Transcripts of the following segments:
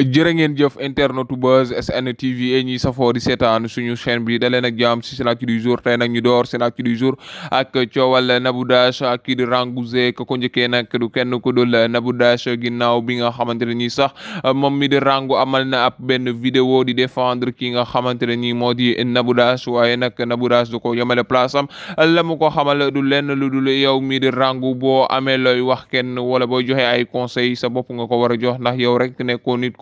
jërë ngeen jëf internetu Buzz SN TV ñi safoo di seetaan suñu chaîne bi daleen ak jàmm si seen actu jour tey nag ñu door seen jour ak coowal Nabou Dash ak kii di Rangouzé ko ko njëkkee nag du kenn ku dul Nabou Dash ginnaaw bi nga xamante ne nii sax moom mi di Rangou amal na ab benn vidéo di défendre ki nga xamante ne nii moo di Nabou waaye nag Nabou Dash du ko yemale place am la mu ko xamal du lenn lu dul yow mi rangu Rangou boo amee looy wax kenn wala booy joxe ay conseil sa bopp nga ko war a jox ndax yow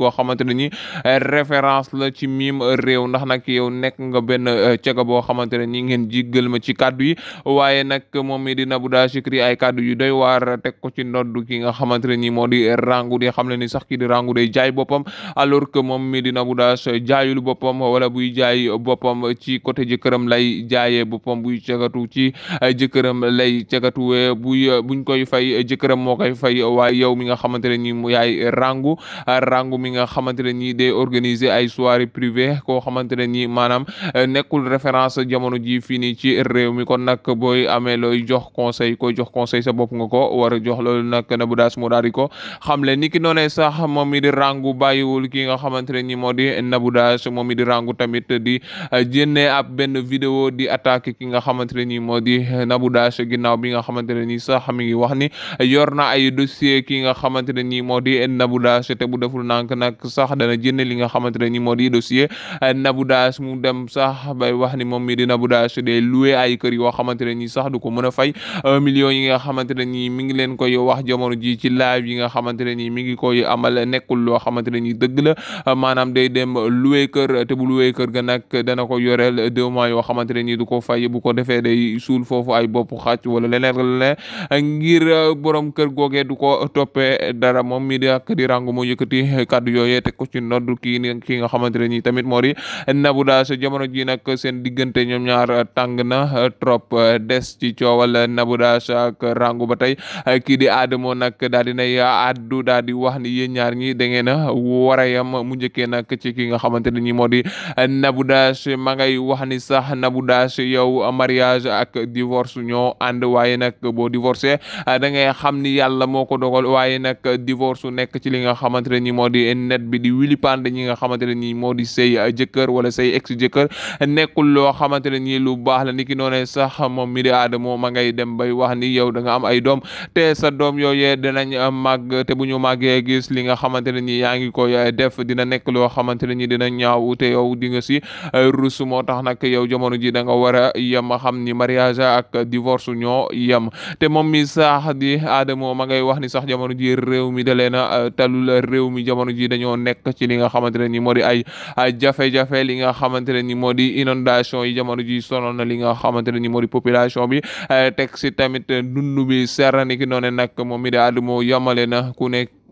boo xamante ne ni eh, référence la ci miim réew ndax nag yow nekk nga benn eh, cega boo xamante ne ni ngeen jiggal ma ci kaddu yi waaye nag moom mi di Nabouda Chikri ay kaddu yu doy waar teg ko ci noddu ki nga xamante ne ni moo di rangu di xam le ni sax ki di rangu day jaay boppam alors que moom mi di Nabouda jaayul boppam wala buy jaay boppam ci côté jëkkëram lay jaayee boppam buy cegatu ci eh, jëkkëram lay cegatuwee bu buñ koy fay jëkkëram moo koy fay yow mi nga xamante ni yaay rangu rangu mi mi nga xamante ne nii day organiser ay soirée privée koo xamante ne nii maanaam euh, nekkul référence jamono ji fii nii ci réew mi kon nag booy amee looy jox conseil koy jox conseil sa bopp nga ko war a jox loolu nag Nabou Dash ko xam le ni ki noonee sax moom mi di rangu bàyyiwul ki nga xamante ne nii moo di Nabou Dash moom mi di rangu tamit di euh, jénne a benn vidéo di attaque ki nga xamante ne nii moo di Nabou Dash ginnaaw bi nga xamante ne ni yor na ay dossier ki nga xamante ne te bu nank nag sax dana jënd li nga xamante ne ni moo di dossier eh, Nabou Dash mu dem sax bay wax ni moom mi di Nabou Dash de loué ay kër yoo xamante ne nii sax du ko mën a fay millions yi nga xamante ne ni mi ngi leen koy wax jamono ji ci live yi nga xamante ne ni mi ngi koy amal nekkul loo xamante ne ni dëgg la maanaam day dem loué kër te bu loué kër ga nag dana ko yoreel deux mois yoo xamante ne nii du ko fay bu ko defee day suul foofu ay bopp xàcc wala leneen leneen ngir borom kër googee du ko toppee dara moom mi di ak di rangu moo noddu yooyee teg ko ci noddu kii tamit moo di Nabou Dash ji nag seen diggante ñoom ñaar tang na trop des ci coowal Nabou Dash ak rangu ba tey kii di Adamo nag daal di nay addu daal di wax ni yéen ñaar ñi da ngeen a war a yam mu njëkkee nag ci ki nga xamante ne nii moo di Nabou Dash ma ngay wax ni sax Nabou Dash mariage ak divorce ñoo ànd waaye nag boo divorcé da ngay xam ni yàlla moo ko dogal waaye nag divorce nekk ci li nga xamante net bi di wili pande ñi nga xamante ne nii moo di say uh, jëkkër wala say ex jëkkër nekkul loo xamante ne nii lu baax la ni ki noonee sax moom mi di aadama ma ngay dem bay wax ni yow da nga am ay doom te sa doom yooyee dinañ uh, màgg te bu ñu màggee gis li nga xamante ne nii yaa ngi koy uh, def dina nekk loo xamante ne nii dina ñaaw te yow di nga si rus moo tax nag yow jamono ji da nga war a yem xam ni mariage ak divorce ñoo yem te moom mi sax di aadama ma ngay wax ni sax jamono ji réew mi da talul réew mi jamono ji daño nekk ci li nga xamante ne ni moo di ay jafe-jafe li nga xamante ne ni moo di inondation yi jamono ji sonoon na li nga xamante ne ni moo di population bi eh, teg si tamit eh, dund bi serna ni ki noone nag moom mi daal moo yamale na ku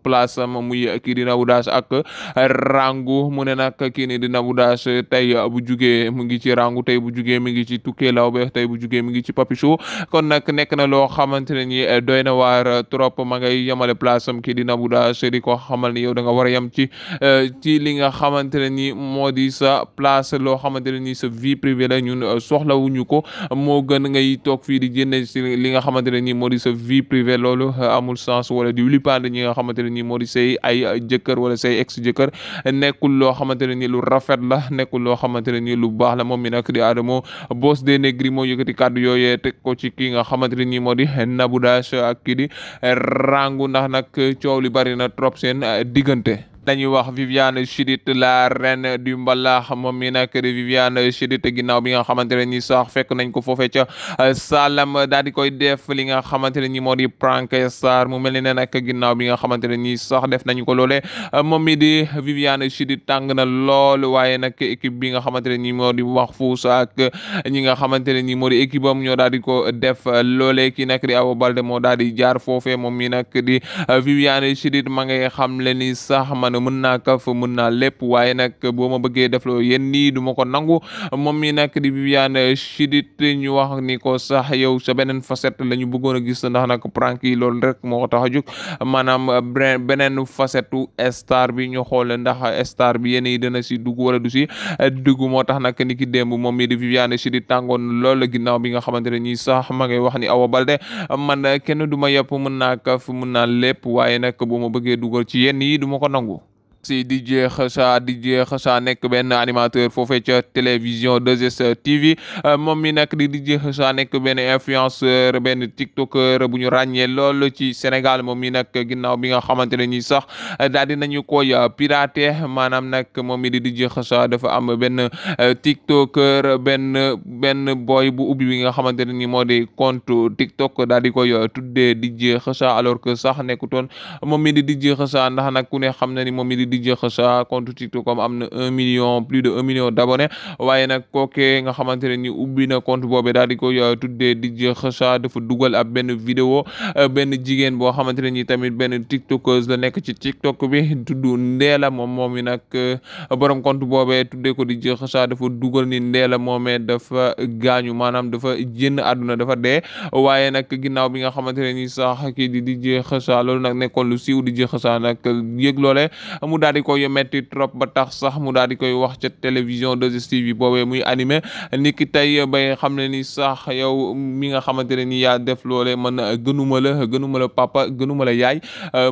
place am muy kii di Nabou Dash mu ne nag kii ni di Nabou Dash tey bu jugee mu ngi ci Rangou tey bu jugee mu ngi ci tukkee lawbe tey bu jugee mu ngi ci Papichou kon nag nekk na loo xamante ne ni doy na waar trop ma ngay yemale place am kii di Nabou Dash di ko xamal ni yow da a yem ci ci li nga xamante ne ni moo di sa place loo xamante ne ni sa vie privée la ko moo gën ngay amul sens wala di wulipande xamante ne ni moo di say ay jëkkër wala say ex jëkkër nekkul loo xamante ne ni lu rafet la nekkul loo xamante ne ni lu baax la moom mi nag di Adamo Boss des Negri moo yëkkati kàddu yooye teg ko ci ki nga xamante ne ni moo di Nabou Dash ak kii di Rangou ndax nag coow li bari na trop seen diggante dañuy wax Viviane Chidid la reine du mbalax moom mi nag di Viviane Chidid ginnaaw bi nga xamante ne nii sax fekk nañ ko foofee ca euh, Salam daal di koy def li nga xamante ne nii moo di prank star mu mel ni ne nag ginnaaw bi nga xamante ne nii sax def nañ ko loolee euh, moom mi di Viviane tàng na lool waaye nag équipe bi nga xamante ne nii moo di Mahfouz ak euh, ñi nga xamante ne nii moo di équipe am ñoo daal di ko def loolee ki nag di Awa Baldé moo daal di jaar foofee moom mi nag di Viviane Chidid ne mën naa kaf mën naa lépp waaye nag boo ma bëggee def loo yéen nii du ko nangu moom mi nag di Viviane Chidid ñu wax ni ko sax yow sa beneen facette la ñu bëggoon a gis ndax nag prank yi loolu rek moo ko tax a jóg maanaam beneen facette star bi ñu xool ndax star bi yéen yi dina si dugg wala du si dugg moo tax nag ni ki démb moom mi di Viviane Chidid tàngoon lool ginnaaw bi nga xamante ne ñi sax ma ngay wax ni Awa Balde man kenn du ma yëpp mën naa kaf mën naa lépp waaye nag boo ma bëggee dugal ci yéen yi du ma ko nangu si di jeexsa di jeexsa nekk benn animateur foofee télévision 2 TV euh, moom mi nag di di jeexsa nekk benn influenceur benn tiktoker bu ñu ràññee lool ci Sénégal moom mi nag ginnaaw bi nga xamante ne nii sax daal di nañu koy piraté maanaam nag moom mi di di jeexsa dafa am benn euh, tiktoker benn benn boy bu ubbi bi nga xamante ne nii moo di compte tiktok daal di koy euh, tuddee di jeexsa alors que sax nekkutoon moom mi di di jeexsa ndax nag ku ne xam di DJ Kheucha compte TikTok am am na un million plus de un million d'abonnés waaye nag kooke nga xamante ne ni ubbi na compte boobe daal di ko euh, tuddee DJ Kheucha dafa dugal ab benn vidéo euh, benn jigéen boo xamante ne ni tamit benn tiktokeuse la nekk ci tiktok bi tudd Ndeela moom moom i nag euh, borom compte boobe tuddee ko DJ Kheucha dafa dugal ni Ndeela moomee dafa gaañu maanaam dafa génn àdduna dafa dee waaye nag ginnaaw bi nga xamante ne ni sax kii di DJ Kheucha loolu nag nekkoon lu siiw di Kheucha nag yëg loole daal di koy metti trop ba tax sax mu daal di koy wax ca télévision 2STV boobee muy animé nit ki tey bay xam ne ni sax yow mi nga xamante ne ni yaa def loolee man gënuma la gënuma la papa gënuma la yaay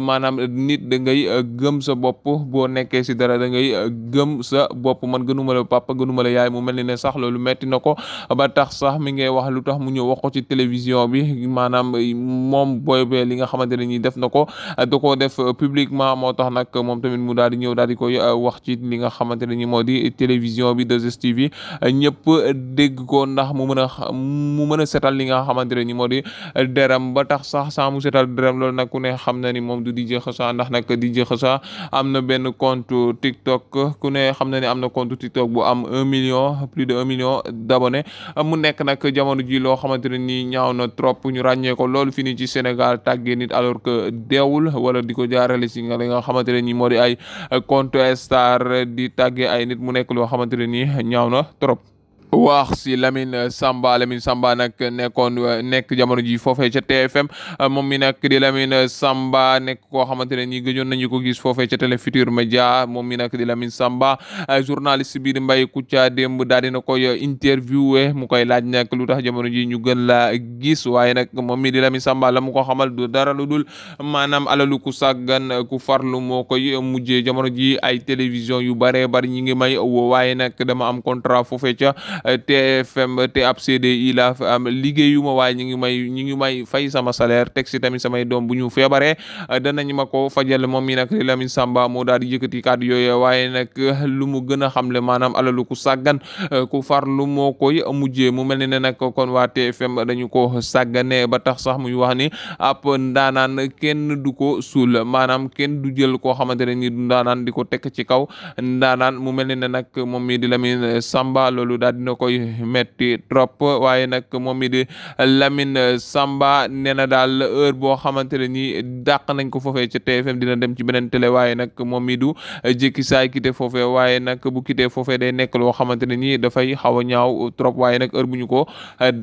maanaam nit da ngay gëm sa bopp boo nekkee si dara da ngay gëm sa bopp man gënuma la papa gënuma la yaay mu mel ni ne sax loolu metti na ko ba tax sax mi ngay wax lu tax mu ñëw wax ko ci télévision bi maanaam moom booy bee li nga xamante ne def na ko da def publiquement moo tax nag moom tamit mu daal daal di ñëw daal di koy euh, wax ci li nga xamante ne ni télévision bi 2STV bi ko ndax mu mën a mu mën a setal li nga xamante ne ni moo di deram ba tax sax saa mu setal deram lool nag ku ne xam na ni moom du DJ Kheucha ndax nag DJ Kheucha am na benn compte TikTok ku ne xam na ni am na compte TikTok bu am un million plus de un million d'abonnés mu nekk nag jamono ji loo xamante ne ni ñaaw na trop ñu ràññee lool fi fii nii ci Sénégal tàggee nit alors que deewul wala di ko jaarale si nga li compte star di tàgge ay nit mu nekk loo xamante ne nii ñaaw na trop. wax si Lamine Samba Lamine Samba nag nekkoon nekk jamono ji foofee ca TFM moom mi nag di Lamine Samba nekk koo xamante ne nii gëjoon nañu ko gis foofee ca Télé Futurs Médias moom mi nag di Lamine Samba journaliste bi mbay Mbaye Kouthia démb daal dina koy interviewé mu koy laaj nag lu tax jamono ji ñu gën la gis waaye nag moom mi di Lamine Samba la mu ko xamal du dara lu dul maanaam alalu ku sàggan ku farlu moo koy mujjee jamono ji ay télévision yu bare bari ñi ngi may dama am contrat foofee TFM te ab CDI laa fa am liggéeyuma waaye ñu ngi may ñu ngi may fay sama salaire teg si tamit samay doom bu ñu feebaree danañ ma ko fajal moom mi nag Lamine Samba moo daal di yëkkati kàddu yooyu waaye nag lu mu gën a xamle maanaam alalu ku sàggan ku farlu moo koy mujjee mu mel ni ne nag kon waa TFM dañu ko sàggane ba tax sax muy wax ni ab ndaanaan kenn du ko suul maanaam kenn du jël koo xamante ne ni du ndaanaan di ko teg ci kaw ndaanaan mu mel ni ne nag moom mi di Lamine Samba loolu daal na koy metti trop waaye nag moom it di Lamine Samba nee na daal heure boo xamante ne nii dàq nañ ko foofee ca TFM dina dem ci beneen télé waaye nag moom mi du jékki saay quitté foofee waaye nag bu quitté foofee day nekk loo xamante ne nii dafay xaw a ñaaw trop waaye nag heure bu ko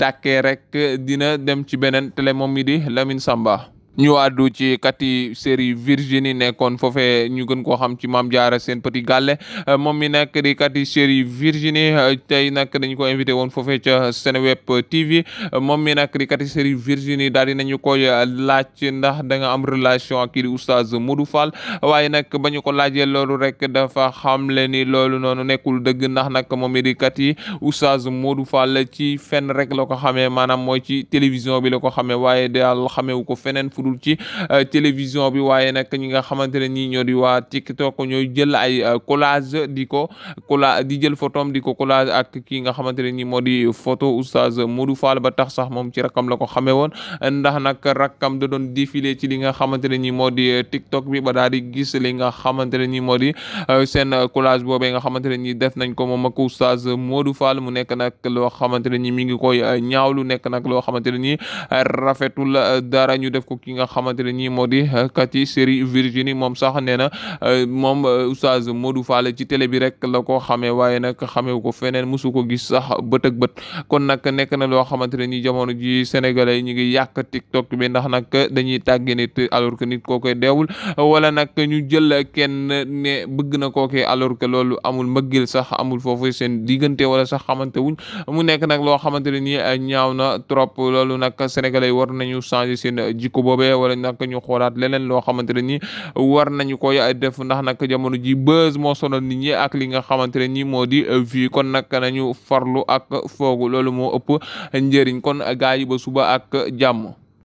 dàkkee rek dina dem ci beneen télé moom mi di Lamine Samba ñu àddu ci kati série Virginie nekkoon foofee ñu gën koo xam ci maam Diarra seen Petit Galle euh, moom mi nekk di kati série Virginie euh, tey nag dañ ko invité woon foofee ca Seneweb TV euh, moom mi nag di kati série Virginie daal di nañu koy laaj ndax danga am relation ak kii di oustaz Modou waaye nag ba ñu ko laajee loolu rek dafa le ni loolu noonu nekkul dëgg ndax nag moom mi di kati oustaz Modou Fall ci fenn rek la ko xamee maanaam mooy ci télévision bi la ko xamee waaye daal xamewu ko feneen fudul ci euh, télévision bi waaye nag ñi nga xamante ne nii ñoo di waa TikTok ñooy jël ay euh, collage di ko collage di jël photom di ko collage ak kii nga xamante ne nii moo di photo oustaz Modou Fall ba tax sax moom ci rakkam la ko xamee woon ndax nag rakkam da doon défilé ci li nga xamante ne nii moo di euh, TikTok bi ba daal di gis li nga xamante ne nii moo di seen collage boobee nga xamante ne nii def nañ ko moom ak oustaz Modou mu nekk nag loo xamante ne nii mi ngi koy ñaawlu nekk nag loo xamante ne rafetul dara ñu def ko ki ki nga xamante ne nii moo di eh, Katy série Virginie moom sax nee na eh, moom eh, oustaz Modou Fall ci télé bi rek la ko xamee waaye nag xamewu ko feneen mosu ko gis sax bët bët kon nag nekk na loo xamante ne nii jamono ji sénégalais yi ñu ngi yàq TikTok bi ndax nag dañuy tàgge nit alors que nit koo koy deewul wala nag ñu jël kenn ne bëgg na koo koy alors que loolu amul mbëggil sax amul foofu seen diggante wala sax xamante wuñ mu nekk nag loo xamante ne nii ñaaw na trop loolu nag sénégalais boobee wala nag ñu xoolaat leneen loo xamante ne ni war nañu koy def ndax nag jamono ji buzz moo sonal nit ñi ak li nga xamante ne ni moo di vie kon nag nañu farlu ak foogu loolu moo ëpp njëriñ kon gaay yi ba suba ak jàmm